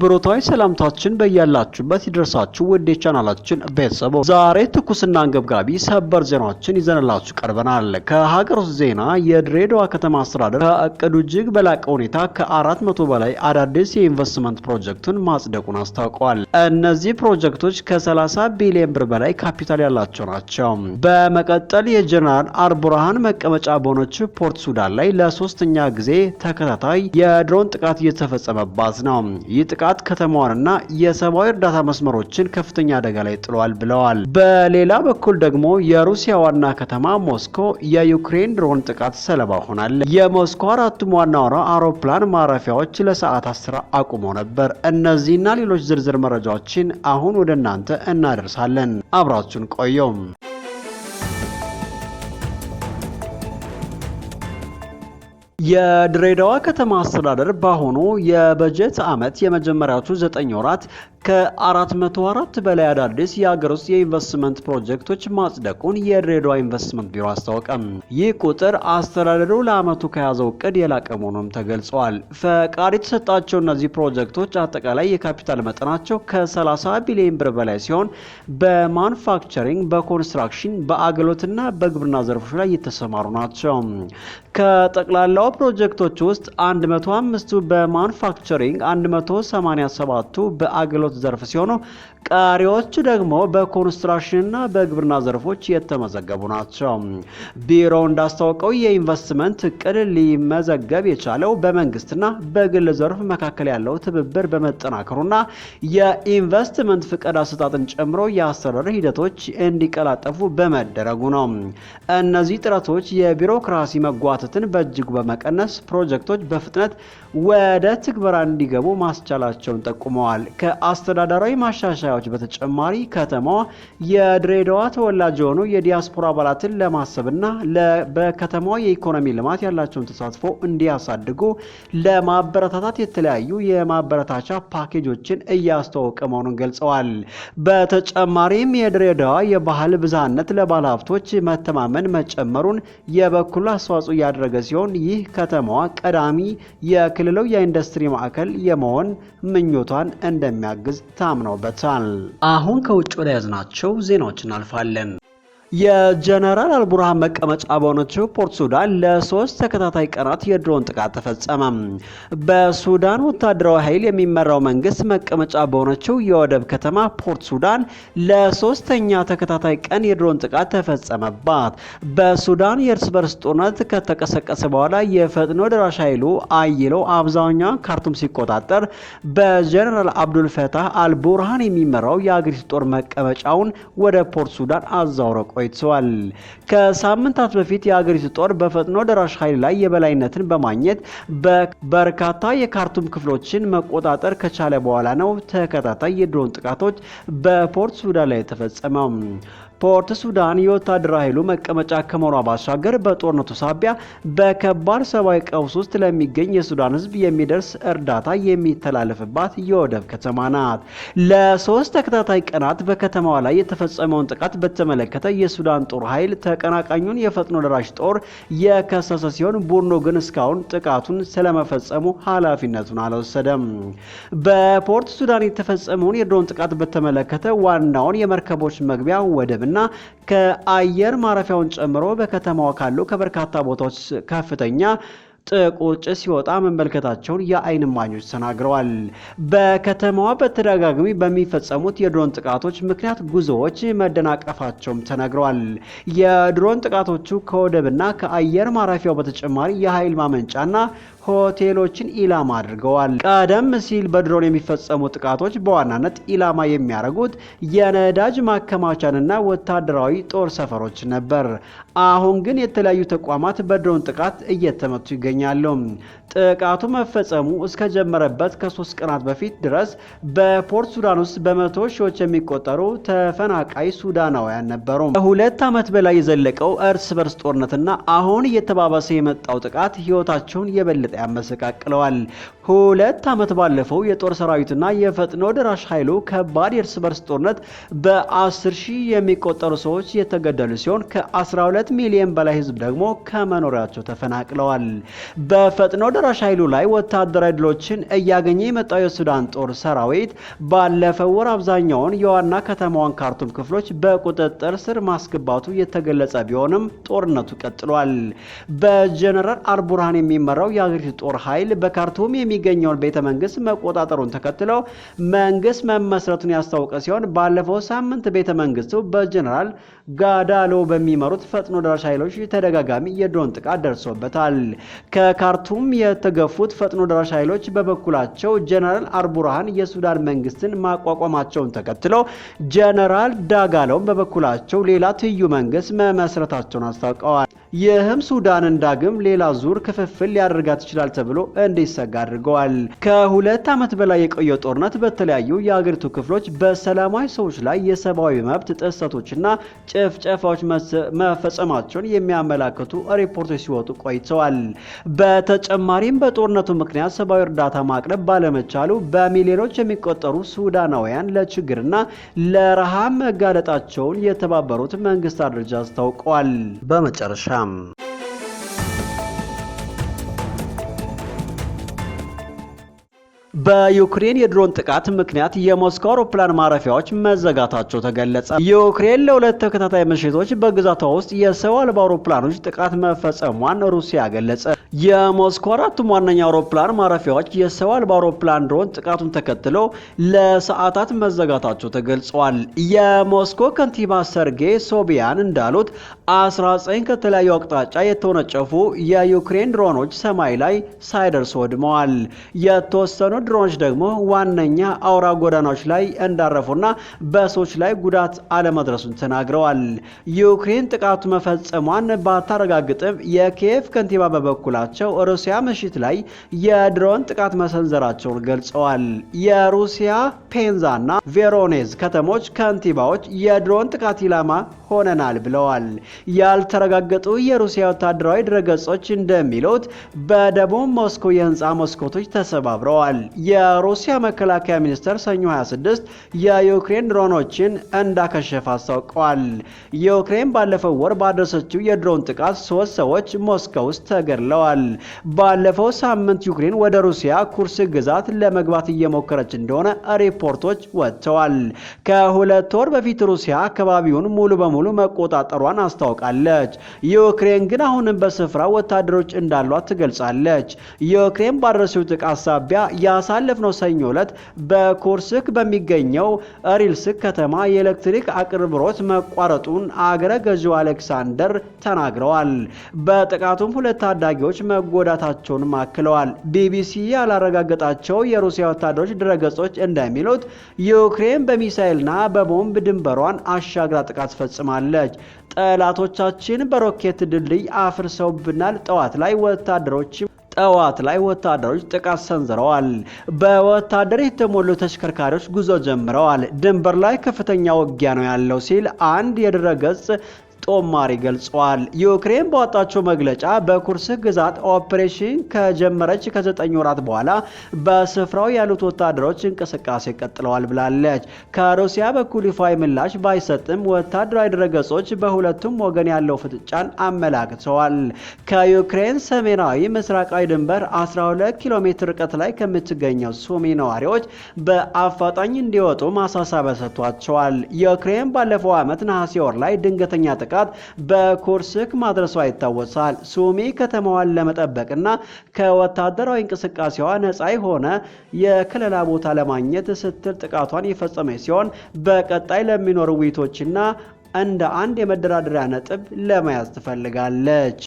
አክብሮታዊ ሰላምታችን በያላችሁበት ይደርሳችሁ ውድ የቻናላችን ቤተሰቦች፣ ዛሬ ትኩስና አንገብጋቢ ሰበር ዜናዎችን ይዘንላችሁ ቀርበናል። ከሀገር ውስጥ ዜና የድሬዳዋ ከተማ አስተዳደር ከእቅዱ እጅግ በላቀ ሁኔታ ከአራት መቶ በላይ አዳዲስ የኢንቨስትመንት ፕሮጀክቱን ማጽደቁን አስታውቀዋል። እነዚህ ፕሮጀክቶች ከ30 ቢሊዮን ብር በላይ ካፒታል ያላቸው ናቸው። በመቀጠል የጀነራል አልቡርሃን መቀመጫ በሆነችው ፖርት ሱዳን ላይ ለሶስተኛ ጊዜ ተከታታይ የድሮን ጥቃት እየተፈጸመባት ነው። ይህ ጥቃት ጥቃት ከተማዋንና የሰብአዊ እርዳታ መስመሮችን ከፍተኛ አደጋ ላይ ጥሏል ብለዋል። በሌላ በኩል ደግሞ የሩሲያ ዋና ከተማ ሞስኮ የዩክሬን ድሮን ጥቃት ሰለባ ሆናለች። የሞስኮ አራቱም ዋና ዋና አውሮፕላን ማረፊያዎች ለሰዓታት ስራ አቁመው ነበር። እነዚህና ሌሎች ዝርዝር መረጃዎችን አሁን ወደ እናንተ እናደርሳለን። አብራችሁን ቆየም የድሬዳዋ ከተማ አስተዳደር በአሁኑ የበጀት ዓመት የመጀመሪያዎቹ ዘጠኝ ወራት ከ404 በላይ አዳዲስ የአገር ውስጥ የኢንቨስትመንት ፕሮጀክቶች ማጽደቁን የድሬዳዋ ኢንቨስትመንት ቢሮ አስታወቀም። ይህ ቁጥር አስተዳደሩ ለዓመቱ ከያዘው እቅድ የላቀ መሆኑም ተገልጿል። ፈቃድ የተሰጣቸው እነዚህ ፕሮጀክቶች አጠቃላይ የካፒታል መጠናቸው ከ30 ቢሊዮን ብር በላይ ሲሆን በማኑፋክቸሪንግ፣ በኮንስትራክሽን፣ በአገልግሎትና በግብርና ዘርፎች ላይ የተሰማሩ ናቸው። ከጠቅላላው ከ ፕሮጀክቶች ውስጥ 105ቱ በማኑፋክቸሪንግ፣ 187ቱ በአገልግሎት ዘርፍ ሲሆኑ ቀሪዎቹ ደግሞ በኮንስትራክሽንና በግብርና ዘርፎች የተመዘገቡ ናቸው። ቢሮው እንዳስታወቀው የኢንቨስትመንት እቅድ ሊመዘገብ የቻለው በመንግስትና በግል ዘርፍ መካከል ያለው ትብብር በመጠናከሩና የኢንቨስትመንት ፍቃድ አሰጣጥን ጨምሮ የአሰራር ሂደቶች እንዲቀላጠፉ በመደረጉ ነው። እነዚህ ጥረቶች የቢሮክራሲ መጓተትን በእጅጉ በመ በመቀነስ ፕሮጀክቶች በፍጥነት ወደ ትግበራ እንዲገቡ ማስቻላቸውን ጠቁመዋል። ከአስተዳደራዊ ማሻሻያዎች በተጨማሪ ከተማዋ የድሬዳዋ ተወላጅ የሆኑ የዲያስፖራ አባላትን ለማሰብና በከተማዋ የኢኮኖሚ ልማት ያላቸውን ተሳትፎ እንዲያሳድጉ ለማበረታታት የተለያዩ የማበረታቻ ፓኬጆችን እያስተዋወቀ መሆኑን ገልጸዋል። በተጨማሪም የድሬዳዋ የባህል ብዝሃነት ለባለሀብቶች መተማመን መጨመሩን የበኩሉ አስተዋጽኦ እያደረገ ሲሆን ይህ ከተማዋ ቀዳሚ የክልሉ የኢንዱስትሪ ማዕከል የመሆን ምኞቷን እንደሚያግዝ ታምኖበታል። አሁን ከውጭ ወደ ያዝናቸው ዜናዎች እናልፋለን። የጀነራል አልቡርሃን መቀመጫ በሆነችው ፖርት ሱዳን ለሶስት ተከታታይ ቀናት የድሮን ጥቃት ተፈጸመ። በሱዳን ወታደራዊ ኃይል የሚመራው መንግስት መቀመጫ በሆነችው የወደብ ከተማ ፖርት ሱዳን ለሶስተኛ ተከታታይ ቀን የድሮን ጥቃት ተፈጸመባት። በሱዳን የእርስ በርስ ጦርነት ከተቀሰቀሰ በኋላ የፈጥኖ ደራሽ ኃይሉ አይለው አብዛኛው ካርቱም ሲቆጣጠር በጀነራል አብዱልፈታህ አልቡርሃን የሚመራው የአገሪቱ ጦር መቀመጫውን ወደ ፖርት ሱዳን አዛውረቆ ቆይተዋል። ከሳምንታት በፊት የአገሪቱ ጦር በፈጥኖ ደራሽ ኃይል ላይ የበላይነትን በማግኘት በርካታ የካርቱም ክፍሎችን መቆጣጠር ከቻለ በኋላ ነው ተከታታይ የድሮን ጥቃቶች በፖርት ሱዳን ላይ የተፈጸመው። ፖርት ሱዳን የወታደራዊ ኃይሉ መቀመጫ ከመሆኗ ባሻገር በጦርነቱ ሳቢያ በከባድ ሰብአዊ ቀውስ ውስጥ ለሚገኝ የሱዳን ሕዝብ የሚደርስ እርዳታ የሚተላለፍባት የወደብ ከተማ ናት። ለሶስት ተከታታይ ቀናት በከተማዋ ላይ የተፈጸመውን ጥቃት በተመለከተ የሱዳን ጦር ኃይል ተቀናቃኙን የፈጥኖ ደራሽ ጦር የከሰሰ ሲሆን ቡድኑ ግን እስካሁን ጥቃቱን ስለመፈጸሙ ኃላፊነቱን አልወሰደም። በፖርት ሱዳን የተፈጸመውን የድሮን ጥቃት በተመለከተ ዋናውን የመርከቦች መግቢያ ወደብና ከአየር ማረፊያውን ጨምሮ በከተማዋ ካሉ ከበርካታ ቦታዎች ከፍተኛ ጥቁር ጭስ ሲወጣ መመልከታቸውን የአይን እማኞች ተናግረዋል። በከተማዋ በተደጋጋሚ በሚፈጸሙት የድሮን ጥቃቶች ምክንያት ጉዞዎች መደናቀፋቸውም ተናግረዋል። የድሮን ጥቃቶቹ ከወደብና ከአየር ማረፊያው በተጨማሪ የኃይል ማመንጫና ሆቴሎችን ኢላማ አድርገዋል። ቀደም ሲል በድሮን የሚፈጸሙ ጥቃቶች በዋናነት ኢላማ የሚያደርጉት የነዳጅ ማከማቻንና ወታደራዊ ጦር ሰፈሮች ነበር። አሁን ግን የተለያዩ ተቋማት በድሮን ጥቃት እየተመቱ ይገኛል። ይገኛሉ። ጥቃቱ መፈጸሙ እስከጀመረበት ከሶስት ቀናት በፊት ድረስ በፖርት ሱዳን ውስጥ በመቶ ሺዎች የሚቆጠሩ ተፈናቃይ ሱዳናውያን ነበሩ። ከሁለት ዓመት በላይ የዘለቀው እርስ በርስ ጦርነትና አሁን እየተባባሰ የመጣው ጥቃት ህይወታቸውን የበለጠ ያመሰቃቅለዋል። ሁለት ዓመት ባለፈው የጦር ሰራዊትና የፈጥኖ ደራሽ ኃይሉ ከባድ የእርስ በርስ ጦርነት በ10 ሺህ የሚቆጠሩ ሰዎች የተገደሉ ሲሆን ከ12 ሚሊዮን በላይ ህዝብ ደግሞ ከመኖሪያቸው ተፈናቅለዋል። በፈጥኖ ደራሽ ኃይሉ ላይ ወታደራዊ ድሎችን እያገኘ የመጣው የሱዳን ጦር ሰራዊት ባለፈው ወር አብዛኛውን የዋና ከተማዋን ካርቱም ክፍሎች በቁጥጥር ስር ማስገባቱ የተገለጸ ቢሆንም ጦርነቱ ቀጥሏል። በጀነራል አልቡርሃን የሚመራው የአገሪቱ ጦር ኃይል በካርቱም የሚ የሚገኘውን ቤተ መንግስት መቆጣጠሩን ተከትሎ መንግስት መመስረቱን ያስታወቀ ሲሆን ባለፈው ሳምንት ቤተ መንግስቱ በጀነራል ጋዳሎ በሚመሩት ፈጥኖ ደራሽ ኃይሎች ተደጋጋሚ የድሮን ጥቃት ደርሶበታል። ከካርቱም የተገፉት ፈጥኖ ደራሽ ኃይሎች በበኩላቸው ጀነራል አርቡርሃን የሱዳን መንግስትን ማቋቋማቸውን ተከትሎ ጀነራል ዳጋሎም በበኩላቸው ሌላ ትዩ መንግስት መመስረታቸውን አስታውቀዋል። ይህም ሱዳንን ዳግም ሌላ ዙር ክፍፍል ሊያደርጋት ይችላል ተብሎ እንዲሰጋ አድርጓል። አድርገዋል። ከሁለት ዓመት በላይ የቆየው ጦርነት በተለያዩ የአገሪቱ ክፍሎች በሰላማዊ ሰዎች ላይ የሰብአዊ መብት ጥሰቶችና ጭፍጨፋዎች መፈጸማቸውን የሚያመላክቱ ሪፖርቶች ሲወጡ ቆይተዋል። በተጨማሪም በጦርነቱ ምክንያት ሰብአዊ እርዳታ ማቅረብ ባለመቻሉ በሚሊዮኖች የሚቆጠሩ ሱዳናውያን ለችግርና ለረሃብ መጋለጣቸውን የተባበሩት መንግስታት ድርጅት አስታውቀዋል። በመጨረሻም በዩክሬን የድሮን ጥቃት ምክንያት የሞስኮ አውሮፕላን ማረፊያዎች መዘጋታቸው ተገለጸ። ዩክሬን ለሁለት ተከታታይ ምሽቶች በግዛቷ ውስጥ የሰው አልባ አውሮፕላኖች ጥቃት መፈጸሟን ሩሲያ ገለጸ። የሞስኮ አራቱም ዋነኛ አውሮፕላን ማረፊያዎች የሰው አልባ አውሮፕላን ድሮን ጥቃቱን ተከትለው ለሰዓታት መዘጋታቸው ተገልጿል። የሞስኮ ከንቲባ ሰርጌይ ሶቢያን እንዳሉት 19 ከተለያዩ አቅጣጫ የተወነጨፉ የዩክሬን ድሮኖች ሰማይ ላይ ሳይደርስ ወድመዋል። የተወሰኑ ድሮኖች ደግሞ ዋነኛ አውራ ጎዳናዎች ላይ እንዳረፉና በሰዎች ላይ ጉዳት አለመድረሱን ተናግረዋል። ዩክሬን ጥቃቱ መፈጸሟን ባታረጋግጥም የኪየቭ ከንቲባ በበኩላቸው ሩሲያ ምሽት ላይ የድሮን ጥቃት መሰንዘራቸውን ገልጸዋል። የሩሲያ ፔንዛና ቬሮኔዝ ከተሞች ከንቲባዎች የድሮን ጥቃት ኢላማ ሆነናል ብለዋል። ያልተረጋገጡ የሩሲያ ወታደራዊ ድረገጾች እንደሚሉት በደቡብ ሞስኮ የህንፃ መስኮቶች ተሰባብረዋል። የሩሲያ መከላከያ ሚኒስቴር ሰኞ 26 የዩክሬን ድሮኖችን እንዳከሸፈ አስታውቀዋል። የዩክሬን ባለፈው ወር ባደረሰችው የድሮን ጥቃት ሶስት ሰዎች ሞስኮ ውስጥ ተገድለዋል። ባለፈው ሳምንት ዩክሬን ወደ ሩሲያ ኩርስ ግዛት ለመግባት እየሞከረች እንደሆነ ሪፖርቶች ወጥተዋል። ከሁለት ወር በፊት ሩሲያ አካባቢውን ሙሉ በሙሉ መቆጣጠሯን አስታውቃለች። ዩክሬን ግን አሁንም በስፍራ ወታደሮች እንዳሏት ትገልጻለች። ዩክሬን ባደረሰው ጥቃት ሳቢያ ባሳለፍነው ሰኞ ዕለት በኩርስክ በሚገኘው ሪልስክ ከተማ የኤሌክትሪክ አቅርብሮት መቋረጡን አገረ ገዢው አሌክሳንደር ተናግረዋል። በጥቃቱም ሁለት ታዳጊዎች መጎዳታቸውንም አክለዋል። ቢቢሲ ያላረጋገጣቸው የሩሲያ ወታደሮች ድረገጾች እንደሚሉት ዩክሬን በሚሳይልና በቦምብ ድንበሯን አሻግራ ጥቃት ፈጽማለች። ጠላቶቻችን በሮኬት ድልድይ አፍርሰውብናል። ጠዋት ላይ ወታደሮች ጠዋት ላይ ወታደሮች ጥቃት ሰንዝረዋል። በወታደር የተሞሉ ተሽከርካሪዎች ጉዞ ጀምረዋል። ድንበር ላይ ከፍተኛ ውጊያ ነው ያለው ሲል አንድ የድረ ገጽ ጦማሪ ገልጸዋል። ዩክሬን ባወጣቸው መግለጫ በኩርስክ ግዛት ኦፕሬሽን ከጀመረች ከዘጠኝ ወራት በኋላ በስፍራው ያሉት ወታደሮች እንቅስቃሴ ቀጥለዋል ብላለች። ከሩሲያ በኩል ይፋዊ ምላሽ ባይሰጥም ወታደራዊ ድረገጾች በሁለቱም ወገን ያለው ፍጥጫን አመላክተዋል። ከዩክሬን ሰሜናዊ ምስራቃዊ ድንበር 12 ኪሎ ሜትር ርቀት ላይ ከምትገኘው ሱሚ ነዋሪዎች በአፋጣኝ እንዲወጡ ማሳሰቢያ ሰጥቷቸዋል። ዩክሬን ባለፈው ዓመት ነሐሴ ወር ላይ ድንገተኛ ጥቃት በኩርስክ ማድረሷ ይታወሳል። ሱሚ ከተማዋን ለመጠበቅና ከወታደራዊ እንቅስቃሴዋ ነፃ የሆነ የክለላ ቦታ ለማግኘት ስትል ጥቃቷን የፈጸመች ሲሆን በቀጣይ ለሚኖሩ ውይይቶችና እንደ አንድ የመደራደሪያ ነጥብ ለመያዝ ትፈልጋለች።